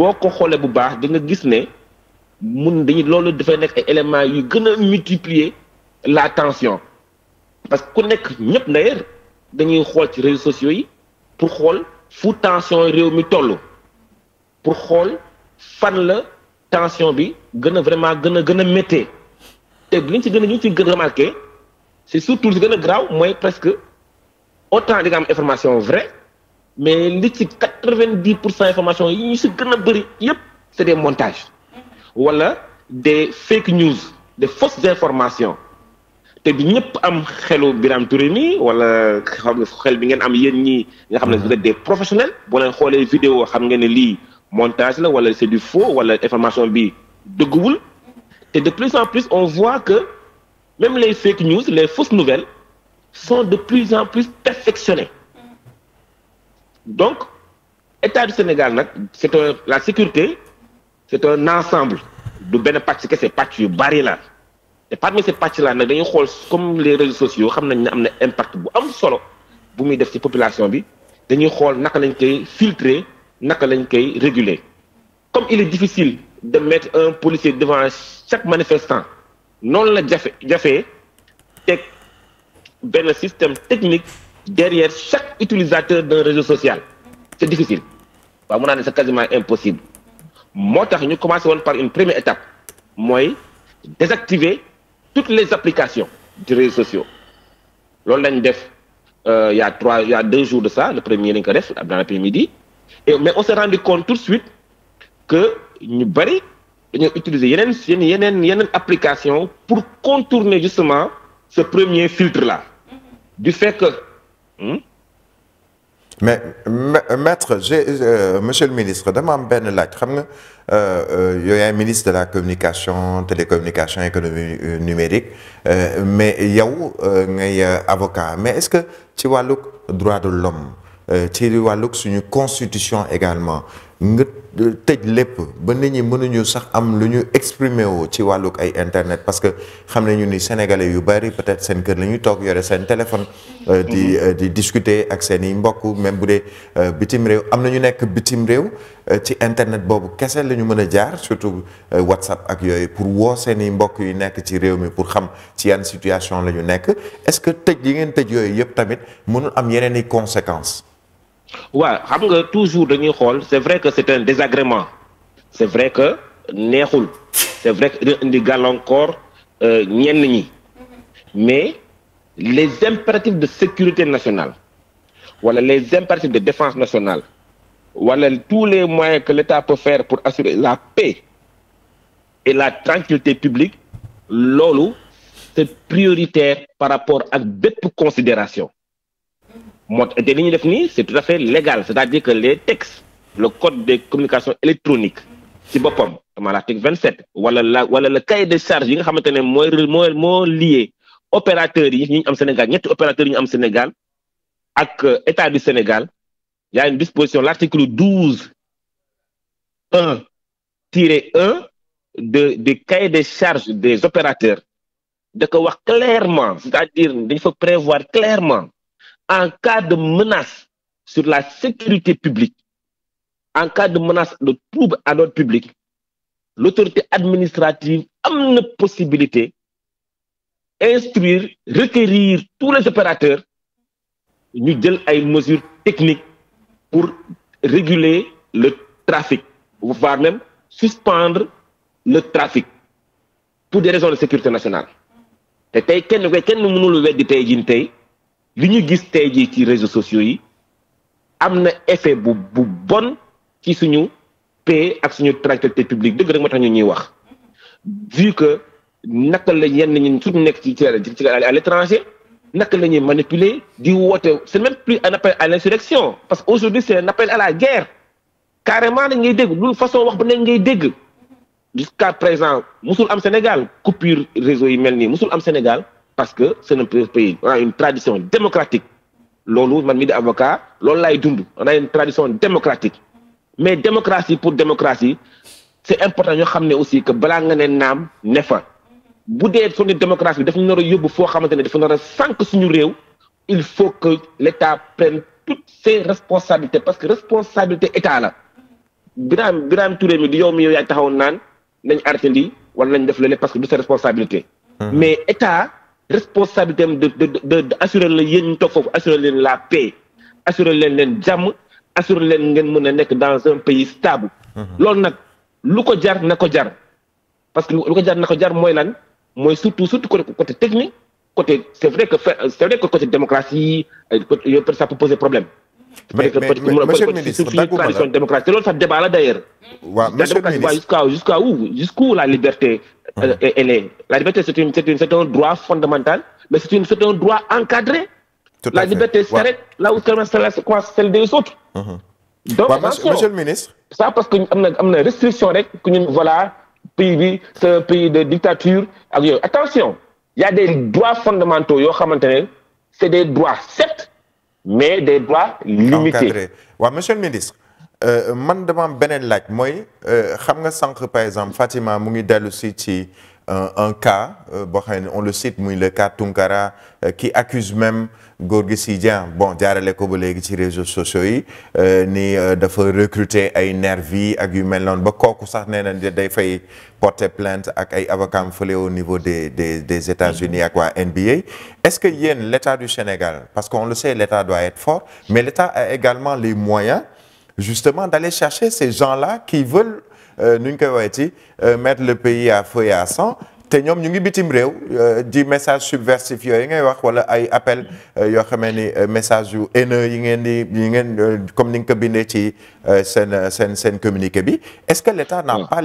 boo ko xoolee bu baax di nga gis ne mun dañuy loolu dafay nekk ay éléments yu gën a multiplier la tension parce que ku nekk ñëpp d'ailleurs dañuy xool ci réseaux sociaux yi pour xool fu tension réew mi toll pour xool fan la tension bi gën a vraiment gën a gën a méttee te luñ ci gën a ñu ci gën a remarqué c'est surtout li gën a graaw mooy presque autant di nga am information vrai mais li ci quatre vingt dix pour cent information yi ñu si gën a bëri yépp c'est des montages wala des fake news des fausses informations te bi ñëpp am xelu biram Touré nii wala xam xel bi ngeen am yéen ñii nga xam ne mm-hmm. vous êtes des professionnels boo leen xoolee vidéo xam ngeen ne lii montage la wala c'est du faux wala information bi dëgguwul te de plus en plus on voit que même les fake news les fausses nouvelles sont de plus en plus perfectionnées donc état du Sénégal nag c' est un la sécurité c' est un ensemble du benn pàcc kese pàcc yu bari la te parmi ces pàcc la nag dañuy xool comme les réseaux sociaux xam nañ ne am na impact bu am solo bu muy def ci population bi dañuy xool naka lañ koy filtrer naka lañ koy réguler comme il est difficile de mettre un policier devant chaque manifestant noonu la jafe jafe teg benn système technique derrière chaque utilisateur d'un réseau social c'est difficile waaw mun naa ne c'est quasiment impossible moo tax ñu commencé woon par une première étape mooy désactiver toutes les applications des réseaux sociaux loolu lañ def euh, il y a trois il y deux jours de ça le premier lañ ko def dans l'après-midi et mais on s'est rendu compte tout de suite que ñu bari dañoo utiliser yeneen yeneen yeneen yeneen application pour contourner justement ce premier filtre là du fait que hmm, mais maître j'ai euh, monsieur le ministre dama am benn laaj xam nga euh, euh, yow yaay ministre de la communication télécommunication économie numérique mais yow ngay avocat mais est-ce que ci wàllug droit de l'homme ci wàllug suñu constitution également nga tëj lépp ba nit ñi mënuñu sax am lu ñu exprimer woo ci wàllug ay internet parce que xam ñu ni sénégalais yu bari peut-être seen kër la toog yore seen téléphone. Euh, di mhm. euh, di discuter ak seen i mbokk même bu dee euh, bitim réew am na ñu nekk bitim réew ci internet boobu kese la ñu mën a jaar surtout WhatsApp ak yooyu pour woo seen i mbokk yu nekk ci réew mi pour xam ci yan situation la ñu nekk est-ce que tëj yi ngeen tëj yooyu yëpp tamit mënul am yeneen i conséquence waaw xam nga toujours dañuy xool c'est vrai que c'est un désagrément c'est vrai que neexul c'est vrai que dina indi gàllankoor euh, ñenn ñi mais les impératifs de sécurité nationale wala les impératifs de défense nationale wala tous les moyens que l'État peut faire pour assurer la paix et la tranquillité publique loolu c'est prioritaire par rapport ak bépp considération moo te li ñuy def nii c'est tout à fait légal c'est-à-dire que les textes le code des communications électroniques si boppam ma l'article 27 wala la wala le cahier de charge yi nga xamante ne mooy moo moo lié opérateurs yi ñu am Sénégal ñetti opérateur yi ñu am Sénégal ak euh, état du Sénégal y a une disposition l'article douze 1 tiré 1 de du cahier des charges des opérateurs da ko wax clairement c'est-à-dire dañ fa prévoir clairement en cas de menace sur la sécurité publique, en cas de menace de trouble à l'ordre public, l'autorité administrative am une possibilité instruire, requérir tous les opérateurs, nous donner une mesure technique pour réguler le trafic, voire même suspendre le trafic pour des raisons de sécurité nationale. Et li ñu gis tey jii ci réseau sociaux yi am na effet bu bu bon ci suñu paix ak suñu tranquillité publique dëgg rek moo tax ñu ñuy wax vu que naka la yenn ñi su nekk ci ci ci à l'étranger naka la ñuy manipuler di woote c'est même plus un appel à l'insurrection parce que aujourd'hui c'est un appel à la guerre carrément dañ ngay dégg loolu façon wax bu nekk ngay dégg jusqu'à présent mosul am Sénégal coupure réseau yi mel nii mosul am Sénégal parce que c'est un pays on a une tradition démocratique loolu man mi di avocat loolu laay dund on a une tradition démocratique mais démocratie pour démocratie c'est important yoo xam ne aussi que balaa nga ne naam ne fa bu dee suñu démocratie bi daf ñu nar yobbu foo xamante ne dafa nar a sànq suñu réew il faut que l'État prenne toutes ses responsabilités parce que responsabilité État la Birame Birame Touré mi di yow mi yow yaay taxaw naan nañ arrêté lii wala nañ def leneen parce que du sa responsabilité am de de de assurer la yéen ñu toog foofu assurer leen la paix assurer leen leen jàmm assurer leen ngeen mën a nekk dans un pays stable. Mhm. loolu nag lu ko jar na ko jar parce que lu ko jar na ko jar mooy lan mooy surtout surtout côté technique côté c' est vrai que c' est vrai que côté démocratie euh, yooyu peut ça peut poser problème. mais mais monsieur le ministre dàggu ma la démocratie loolu débat la d' ailleurs. waaw monsieur le ministre la démocratie jusqu'à jusqu'à où la elle, elle est, la liberté, c'est une, droit fondamental, mais c'est un droit encadré. la liberté s'arrête ouais. là où se commence celle des autres. Uh-huh. Donc, monsieur, le ministre. Ça, parce que y a une restriction, voilà, pays, c'est un pays de dictature. attention, il y a des droits fondamentaux, c'est des droits, certes, mais des droits limités. Ouais, monsieur le ministre. Euh, man dama beneen laaj mooy euh, xam nga sànq par exemple Fatima mu ngi dellu si ci euh, un cas boo xam ne on le cite muy le cas Tunkara qui accuse même Gorgui si Dieng bon jaarale ko ba léegi ci réseaux sociaux yi ni dafa recruter ay nervi ak yu mel noonu ba kooku sax nee na day fay porter plant ak ay avocats fale au niveau des des des États-Unis ak waa NBA est-ce que yéen l'État du Sénégal parce qu'on le sait l'État doit être fort mais l'État a également les moyens justement d'aller chercher ces gens-là qui veulent euh, nu ñu koy waxee ci euh, mettre le pays à feu à sang te ñoom ñu ngi bitim réew euh, di message subversif yooyu ngay wax wala ay appel yoo xamee ni message yu haineux yi ngeen di yi ngeen comme ni nga ko bindee ci seen seen seen communiqué bi est que l'État n'a pas